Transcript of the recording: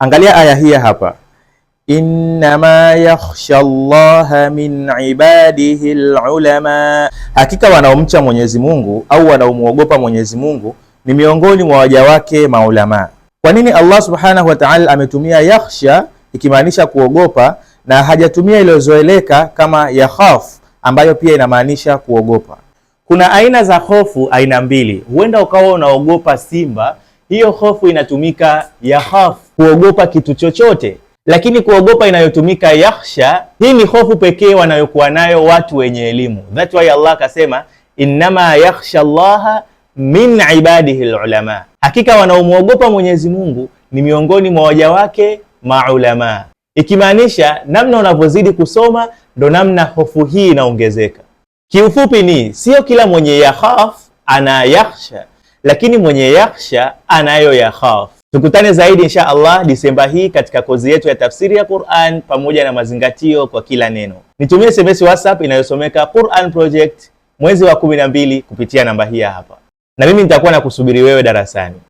Angalia aya hii hapa, innama yakhsha llaha min ibadihi lulama, hakika wanaomcha Mwenyezi Mungu au wanaomwogopa Mwenyezi Mungu ni miongoni mwa waja wake maulamaa. Kwa nini Allah subhanahu wa ta'ala ametumia yakhsha ikimaanisha kuogopa na hajatumia iliyozoeleka kama yakhaf ambayo pia inamaanisha kuogopa? Kuna aina za hofu aina mbili. Huenda ukawa unaogopa simba hiyo hofu inatumika yakhafu, kuogopa kitu chochote. Lakini kuogopa inayotumika yakhsha, hii ni hofu pekee wanayokuwa nayo watu wenye elimu. That's why Allah akasema innama yakhsha llaha min ibadihi lulama, hakika wanaomwogopa Mwenyezi Mungu ni miongoni mwa waja wake maulama Ikimaanisha namna unavyozidi kusoma ndo namna hofu hii inaongezeka. Kiufupi ni sio kila mwenye yakhaf ana yakhsha lakini mwenye yakhsha anayo khaf. Tukutane zaidi insha Allah Disemba hii katika kozi yetu ya tafsiri ya Quran pamoja na mazingatio kwa kila neno. Nitumie SMS WhatsApp inayosomeka Quran Project mwezi wa 12 kupitia namba hii hapa, na mimi nitakuwa na kusubiri wewe darasani.